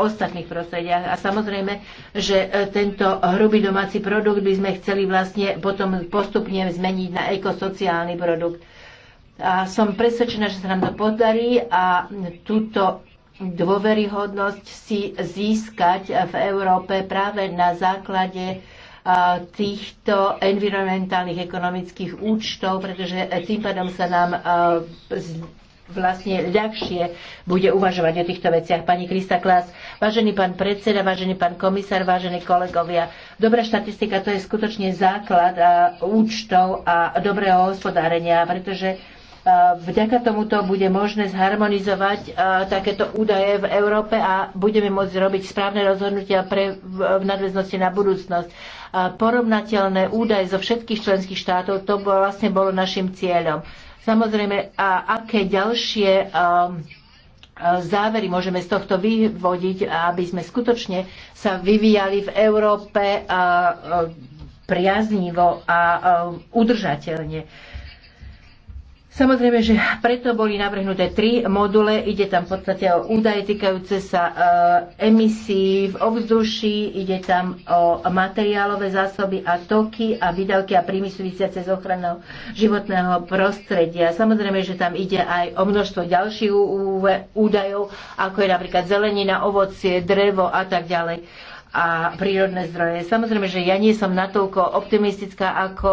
ostatných prostrediach. A samozrejme, že e, tento hrubý domáci produkt by sme chceli vlastne potom postupne zmeniť na ekosociálny produkt. A som presvedčená, že sa nám to podarí a túto dôveryhodnosť si získať v Európe práve na základe týchto environmentálnych ekonomických účtov, pretože tým pádom sa nám vlastne ľahšie bude uvažovať o týchto veciach. Pani Krista Klas, vážený pán predseda, vážený pán komisár, vážení kolegovia, dobrá štatistika to je skutočne základ účtov a dobrého hospodárenia, pretože Vďaka tomuto bude možné zharmonizovať takéto údaje v Európe a budeme môcť robiť správne rozhodnutia pre, v nadväznosti na budúcnosť. Porovnateľné údaje zo všetkých členských štátov, to vlastne bolo našim cieľom. Samozrejme, a aké ďalšie závery môžeme z tohto vyvodiť, aby sme skutočne sa vyvíjali v Európe priaznivo a udržateľne. Samozrejme, že preto boli navrhnuté tri module. Ide tam v podstate o údaje týkajúce sa e, emisí v ovzduší, ide tam o materiálové zásoby a toky a výdavky a príjmy súvisiace s ochranou životného prostredia. Samozrejme, že tam ide aj o množstvo ďalších údajov, ako je napríklad zelenina, ovocie, drevo a tak ďalej a prírodné zdroje. Samozrejme, že ja nie som natoľko optimistická ako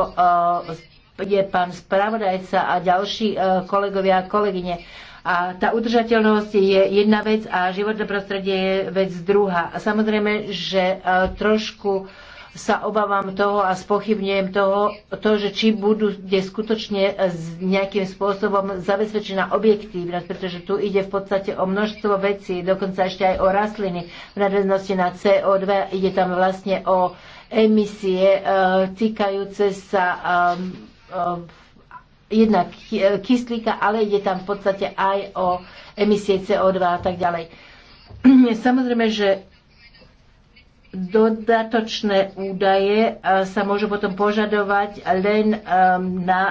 e, je pán spravodajca a ďalší e, kolegovia a kolegyne. A tá udržateľnosť je jedna vec a životné prostredie je vec druhá. A samozrejme, že e, trošku sa obávam toho a spochybňujem toho, to, že či budú kde skutočne e, nejakým spôsobom zabezpečená objektívnosť, pretože tu ide v podstate o množstvo vecí, dokonca ešte aj o rastliny v nadväznosti na CO2, ide tam vlastne o emisie e, týkajúce sa e, Eh, jednak eh, kyslíka, ale ide tam v podstate aj o emisie CO2 a tak ďalej. *clears throat* Samozrejme, že dodatočné údaje eh, sa môžu potom požadovať len na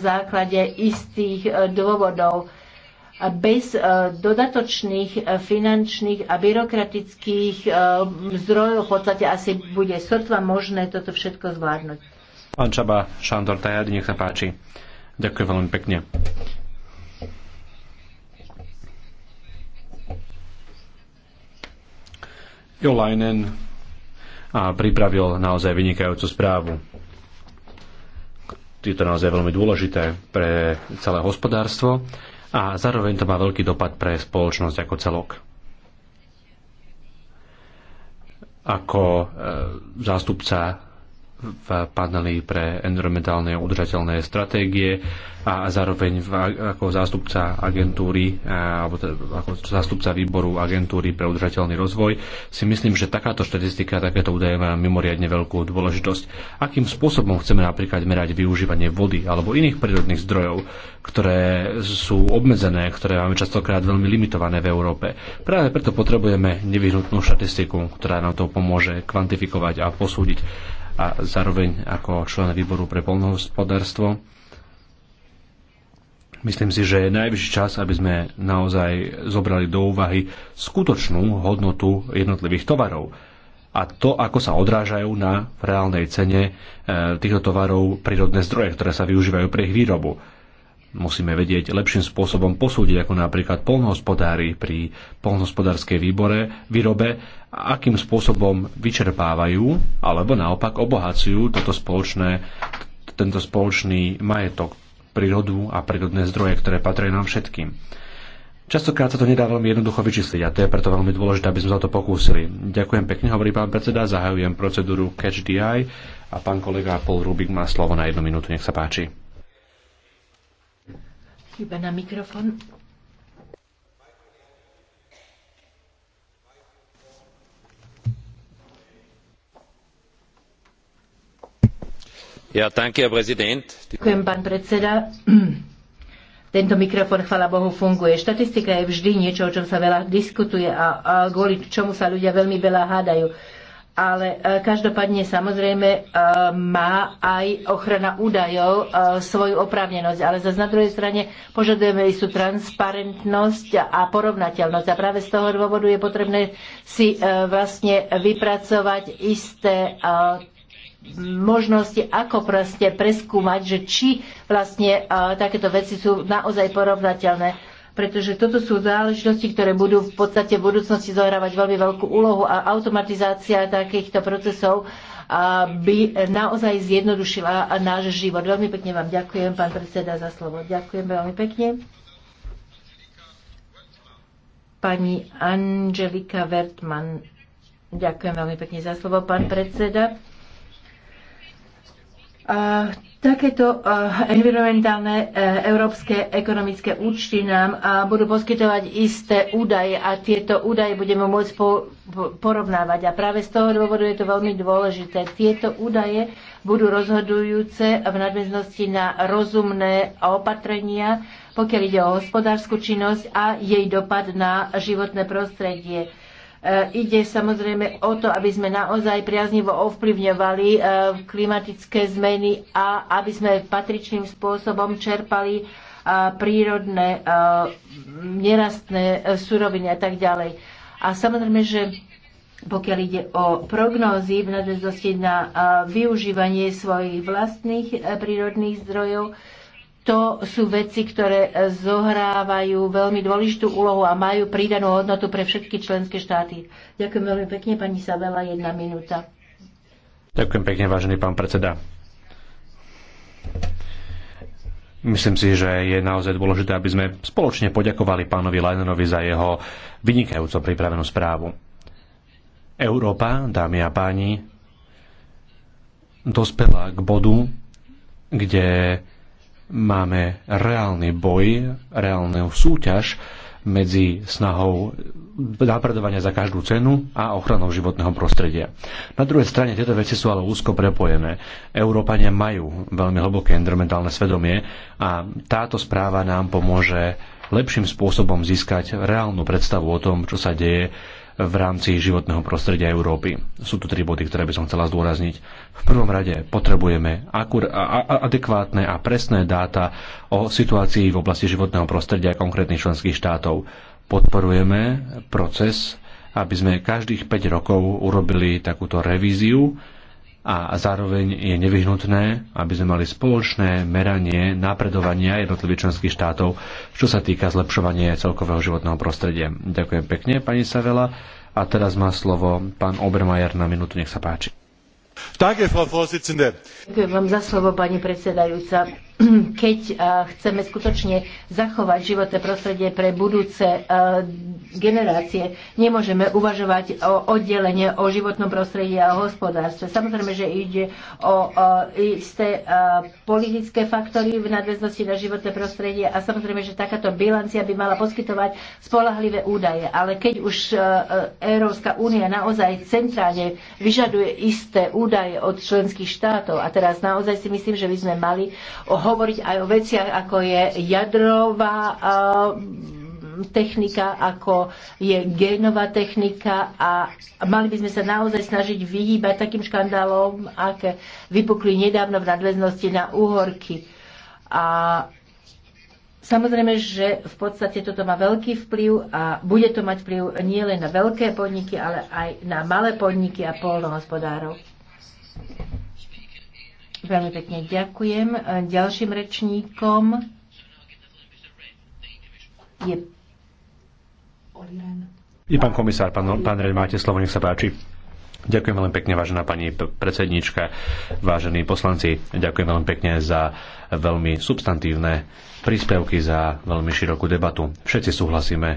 základe istých dôvodov. Bez dodatočných finančných a byrokratických zdrojov v podstate asi bude sotva možné toto všetko zvládnuť. Pán Čaba Šandor Tajadi, nech sa páči. Ďakujem veľmi pekne. Jolajnen a pripravil naozaj vynikajúcu správu. Je to naozaj veľmi dôležité pre celé hospodárstvo a zároveň to má veľký dopad pre spoločnosť ako celok. Ako e, zástupca v paneli pre environmentálne udržateľné stratégie a zároveň v, ako zástupca agentúry eh, alebo teda ako zástupca výboru agentúry pre udržateľný rozvoj si myslím, že takáto štatistika, takéto údaje má mimoriadne veľkú dôležitosť. Akým spôsobom chceme napríklad merať využívanie vody alebo iných prírodných zdrojov, ktoré sú obmedzené, ktoré máme častokrát veľmi limitované v Európe. Práve preto potrebujeme nevyhnutnú štatistiku, ktorá nám to pomôže kvantifikovať a posúdiť a zároveň ako člen výboru pre polnohospodárstvo. Myslím si, že je najvyšší čas, aby sme naozaj zobrali do úvahy skutočnú hodnotu jednotlivých tovarov a to, ako sa odrážajú na reálnej cene eh, týchto tovarov prírodné zdroje, ktoré sa využívajú pre ich výrobu musíme vedieť lepším spôsobom posúdiť, ako napríklad polnohospodári pri polnohospodárskej výbore, výrobe, akým spôsobom vyčerpávajú alebo naopak obohacujú toto spoločné, tento spoločný majetok, prírodu a prírodné zdroje, ktoré patria nám všetkým. Častokrát sa to nedá veľmi jednoducho vyčísliť a to je preto veľmi dôležité, aby sme sa to pokúsili. Ďakujem pekne, hovorí pán predseda, zahajujem procedúru Catch DI a pán kolega Paul Rubik má slovo na jednu minútu, nech sa páči. Iba na mikrofon. Ja, danke, Herr Präsident. Ďakujem, pán predseda. *clears throat* Tento mikrofon, chvala Bohu, funguje. Štatistika je vždy niečo, o čom sa veľa diskutuje a, a kvôli čomu sa ľudia veľmi veľa hádajú ale e, každopádne samozrejme e, má aj ochrana údajov e, svoju oprávnenosť, ale zase na druhej strane požadujeme istú transparentnosť a porovnateľnosť. A práve z toho dôvodu je potrebné si vlastne vypracovať isté možnosti, ako proste preskúmať, že či vlastne takéto veci sú naozaj porovnateľné pretože toto sú záležitosti, ktoré budú v podstate v budúcnosti zohrávať veľmi veľkú úlohu a automatizácia takýchto procesov by naozaj zjednodušila náš život. Veľmi pekne vám ďakujem, pán predseda, za slovo. Ďakujem veľmi pekne. Pani Angelika Wertmann, Ďakujem veľmi pekne za slovo, pán predseda. A Takéto eh, environmentálne eh, európske ekonomické účty nám eh, budú poskytovať isté údaje a tieto údaje budeme môcť porovnávať. A práve z toho dôvodu je to veľmi dôležité. Tieto údaje budú rozhodujúce v nadväznosti na rozumné opatrenia, pokiaľ ide o hospodárskú činnosť a jej dopad na životné prostredie. E, ide samozrejme o to, aby sme naozaj priaznivo ovplyvňovali e, klimatické zmeny a aby sme patričným spôsobom čerpali e, prírodné nerastné suroviny a tak ďalej. A samozrejme, že pokiaľ ide o prognózy v nadväznosti na využívanie svojich vlastných prírodných zdrojov, to sú veci, ktoré zohrávajú veľmi dôležitú úlohu a majú pridanú hodnotu pre všetky členské štáty. Ďakujem veľmi pekne, pani Sabela, jedna minúta. Ďakujem pekne, vážený pán predseda. Myslím si, že je naozaj dôležité, aby sme spoločne poďakovali pánovi Lajnenovi za jeho vynikajúco pripravenú správu. Európa, dámy a páni, dospela k bodu, kde máme reálny boj, reálnu súťaž medzi snahou napredovania za každú cenu a ochranou životného prostredia. Na druhej strane tieto veci sú ale úzko prepojené. Európania majú veľmi hlboké environmentálne svedomie a táto správa nám pomôže lepším spôsobom získať reálnu predstavu o tom, čo sa deje v rámci životného prostredia Európy. Sú tu tri body, ktoré by som chcela zdôrazniť. V prvom rade potrebujeme akur- a- a- adekvátne a presné dáta o situácii v oblasti životného prostredia konkrétnych členských štátov. Podporujeme proces, aby sme každých 5 rokov urobili takúto revíziu a zároveň je nevyhnutné, aby sme mali spoločné meranie napredovania jednotlivých členských štátov, čo sa týka zlepšovania celkového životného prostredia. Ďakujem pekne, pani Savela. A teraz má slovo pán Obermajer na minútu, nech sa páči. Ďakujem vám za slovo, pani predsedajúca. *clears throat* keď eh, chceme skutočne zachovať životné prostredie pre budúce eh, generácie, nemôžeme uvažovať o oddelenie o životnom prostredí a o hospodárstve. Samozrejme, že ide o eh, isté politické faktory v nadväznosti na životné prostredie a samozrejme, že takáto bilancia by mala poskytovať spolahlivé údaje. Ale keď už Európska únia naozaj centrálne vyžaduje isté údaje od členských štátov a teraz naozaj si myslím, že by sme mali hovoriť aj o veciach, ako je jadrová technika, ako je génová technika a mali by sme sa naozaj snažiť vyhýbať takým škandálom, aké vypukli nedávno v nadväznosti na úhorky. A Samozrejme, že v podstate toto má veľký vplyv a bude to mať vplyv nielen na veľké podniky, ale aj na malé podniky a polnohospodárov. Veľmi pekne ďakujem. E, ďalším rečníkom je je pán komisár, pán, pán Reň, máte slovo, nech sa páči. Ďakujem veľmi pekne, vážená pani predsednička, vážení poslanci. Ďakujem veľmi pekne za veľmi substantívne príspevky, za veľmi širokú debatu. Všetci súhlasíme,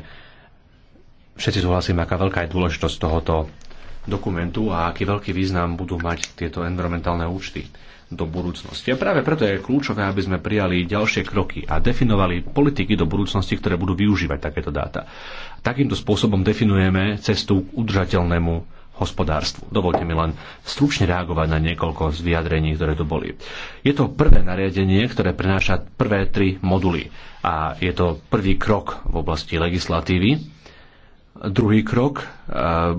všetci súhlasíme, aká veľká je dôležitosť tohoto dokumentu a aký veľký význam budú mať tieto environmentálne účty do budúcnosti. A práve preto je kľúčové, aby sme prijali ďalšie kroky a definovali politiky do budúcnosti, ktoré budú využívať takéto dáta. Takýmto spôsobom definujeme cestu k udržateľnému hospodárstvu. Dovolte mi len stručne reagovať na niekoľko z vyjadrení, ktoré tu boli. Je to prvé nariadenie, ktoré prenáša prvé tri moduly a je to prvý krok v oblasti legislatívy, Druhý krok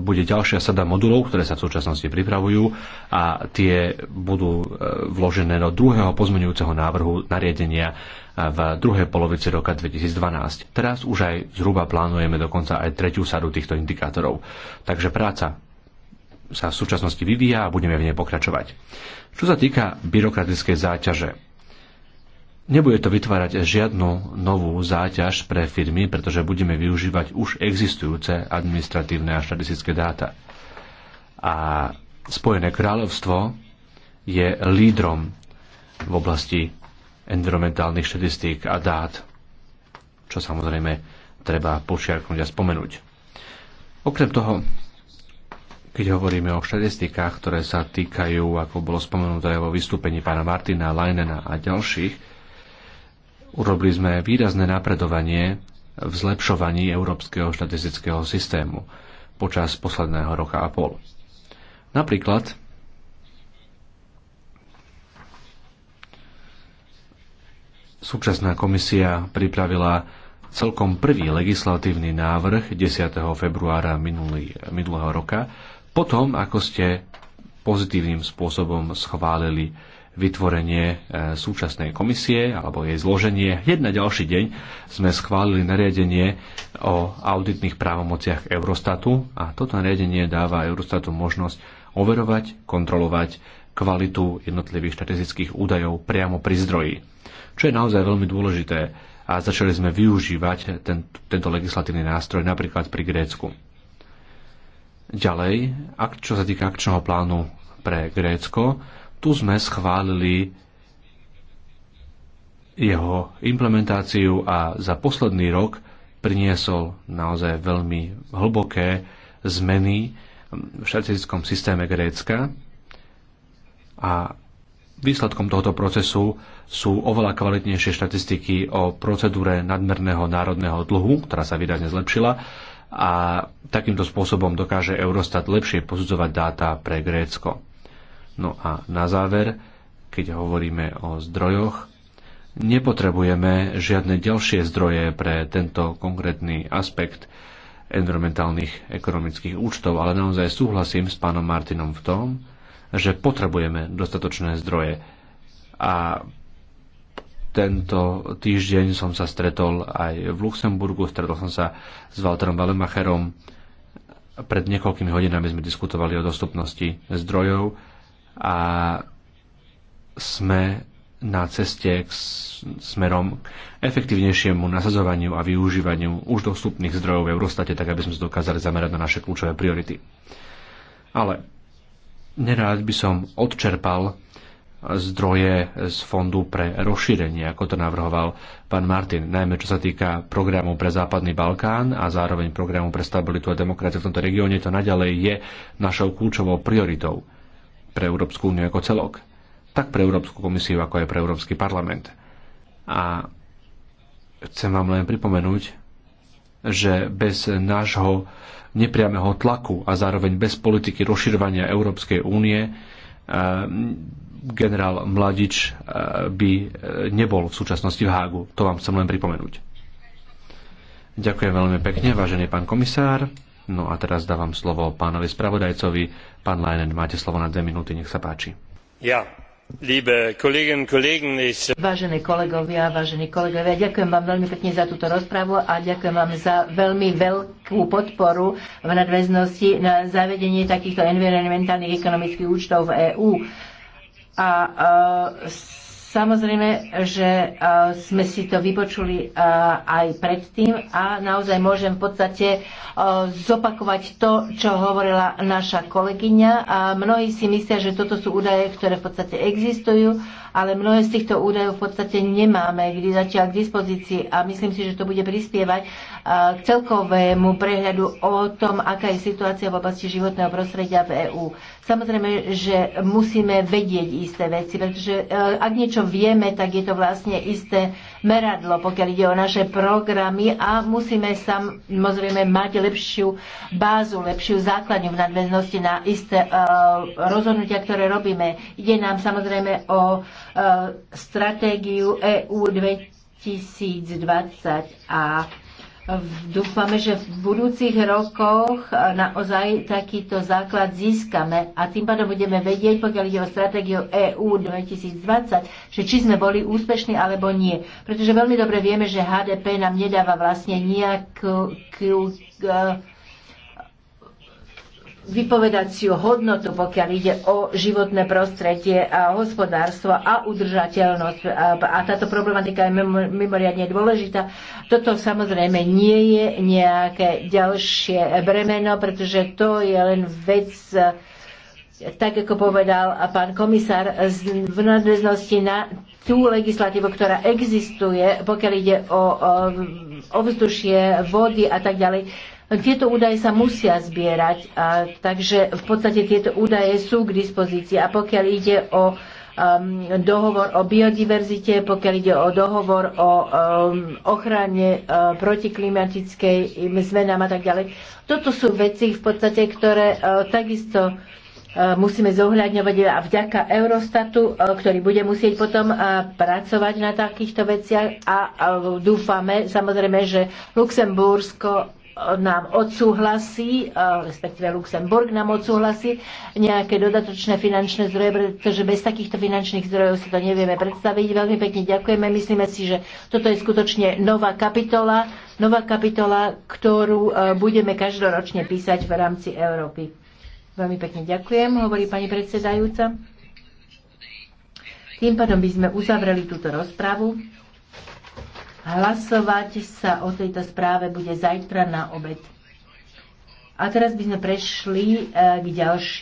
bude ďalšia sada modulov, ktoré sa v súčasnosti pripravujú a tie budú e, vložené do druhého pozmeňujúceho návrhu nariadenia v druhej polovici roka 2012. Teraz už aj zhruba plánujeme dokonca aj tretiu sadu týchto indikátorov. Takže práca sa v súčasnosti vyvíja a budeme v nej pokračovať. Čo sa týka byrokratickej záťaže, Nebude to vytvárať žiadnu novú záťaž pre firmy, pretože budeme využívať už existujúce administratívne a štatistické dáta. A Spojené kráľovstvo je lídrom v oblasti environmentálnych štatistík a dát, čo samozrejme treba počiarknúť a spomenúť. Okrem toho, keď hovoríme o štatistikách, ktoré sa týkajú, ako bolo spomenuté vo vystúpení pána Martina, Leinena a ďalších, Urobili sme výrazné napredovanie v zlepšovaní európskeho štatistického systému počas posledného roka a pol. Napríklad súčasná komisia pripravila celkom prvý legislatívny návrh 10. februára minulý, minulého roka, potom ako ste pozitívnym spôsobom schválili vytvorenie e, súčasnej komisie alebo jej zloženie. Hneď na ďalší deň sme schválili nariadenie o auditných právomociach Eurostatu a toto nariadenie dáva Eurostatu možnosť overovať, kontrolovať kvalitu jednotlivých štatistických údajov priamo pri zdroji, čo je naozaj veľmi dôležité a začali sme využívať ten, tento legislatívny nástroj napríklad pri Grécku. Ďalej, ak, čo sa týka akčného plánu pre Grécko, tu sme schválili jeho implementáciu a za posledný rok priniesol naozaj veľmi hlboké zmeny v štatistickom systéme Grécka a výsledkom tohoto procesu sú oveľa kvalitnejšie štatistiky o procedúre nadmerného národného dlhu, ktorá sa výrazne zlepšila a takýmto spôsobom dokáže Eurostat lepšie posudzovať dáta pre Grécko. No a na záver, keď hovoríme o zdrojoch, nepotrebujeme žiadne ďalšie zdroje pre tento konkrétny aspekt environmentálnych ekonomických účtov, ale naozaj súhlasím s pánom Martinom v tom, že potrebujeme dostatočné zdroje. A tento týždeň som sa stretol aj v Luxemburgu, stretol som sa s Walterom Velemacherom. Pred niekoľkými hodinami sme diskutovali o dostupnosti zdrojov a sme na ceste k smerom k efektívnejšiemu nasadzovaniu a využívaniu už dostupných zdrojov v Eurostate, tak aby sme sa dokázali zamerať na naše kľúčové priority. Ale nerád by som odčerpal zdroje z fondu pre rozšírenie, ako to navrhoval pán Martin, najmä čo sa týka programu pre Západný Balkán a zároveň programu pre stabilitu a demokraciu v tomto regióne, to naďalej je našou kľúčovou prioritou pre Európsku úniu ako celok, tak pre Európsku komisiu, ako aj pre Európsky parlament. A chcem vám len pripomenúť, že bez nášho nepriameho tlaku a zároveň bez politiky rozširovania Európskej únie e, generál Mladič e, by e, nebol v súčasnosti v Hágu. To vám chcem len pripomenúť. Ďakujem veľmi pekne, vážený pán komisár. No a teraz dávam slovo pánovi spravodajcovi. Pán Leinen, máte slovo na dve minúty, nech sa páči. Ja, liebe Kolleginnen Kollegen, ich... Vážení kolegovia, vážení kolegovia, ďakujem vám veľmi pekne za túto rozpravu a ďakujem vám za veľmi veľkú podporu v nadväznosti na zavedenie takýchto environmentálnych ekonomických účtov v EÚ. A uh, Samozrejme, že e, sme si to vypočuli e, aj predtým a naozaj môžem v podstate e, zopakovať to, čo hovorila naša kolegyňa. A mnohí si myslia, že toto sú údaje, ktoré v podstate existujú ale mnohé z týchto údajov v podstate nemáme kdy zatiaľ k dispozícii a myslím si, že to bude prispievať k celkovému prehľadu o tom, aká je situácia v oblasti životného prostredia v EÚ. Samozrejme, že musíme vedieť isté veci, pretože e, ak niečo vieme, tak je to vlastne isté meradlo, pokiaľ ide o naše programy a musíme samozrejme mať lepšiu bázu, lepšiu základňu v nadväznosti na isté e, rozhodnutia, ktoré robíme. Ide nám samozrejme o e, stratégiu EU 2020 a Dúfame, že v budúcich rokoch e, naozaj takýto základ získame a tým pádom budeme vedieť, pokiaľ ide o stratégiu EU 2020, že či sme boli úspešní alebo nie. Pretože veľmi dobre vieme, že HDP nám nedáva vlastne nejakú e, vypovedaciu hodnotu, pokiaľ ide o životné prostredie a hospodárstvo a udržateľnosť. A táto problematika je mimoriadne dôležitá. Toto samozrejme nie je nejaké ďalšie bremeno, pretože to je len vec tak ako povedal pán komisár, v nadväznosti na tú legislatívu, ktorá existuje, pokiaľ ide o, o ovzdušie, vody a tak ďalej, tieto údaje sa musia zbierať, a, takže v podstate tieto údaje sú k dispozícii. A pokiaľ ide o um, dohovor o biodiverzite, pokiaľ ide o dohovor o um, ochrane uh, protiklimatickej zmenám a tak ďalej. Toto sú veci v podstate, ktoré uh, takisto uh, musíme zohľadňovať a vďaka Eurostatu, uh, ktorý bude musieť potom uh, pracovať na takýchto veciach a dúfame samozrejme, že Luxembursko nám odsúhlasí, respektíve Luxemburg nám odsúhlasí nejaké dodatočné finančné zdroje, pretože bez takýchto finančných zdrojov si to nevieme predstaviť. Veľmi pekne ďakujeme. Myslíme si, že toto je skutočne nová kapitola, nová kapitola, ktorú e, budeme každoročne písať v rámci Európy. Veľmi pekne ďakujem, hovorí pani predsedajúca. Tým pádom by sme uzavreli túto rozpravu. Hlasovať sa o tejto správe bude zajtra na obed. A teraz by sme prešli eh, k ďalším.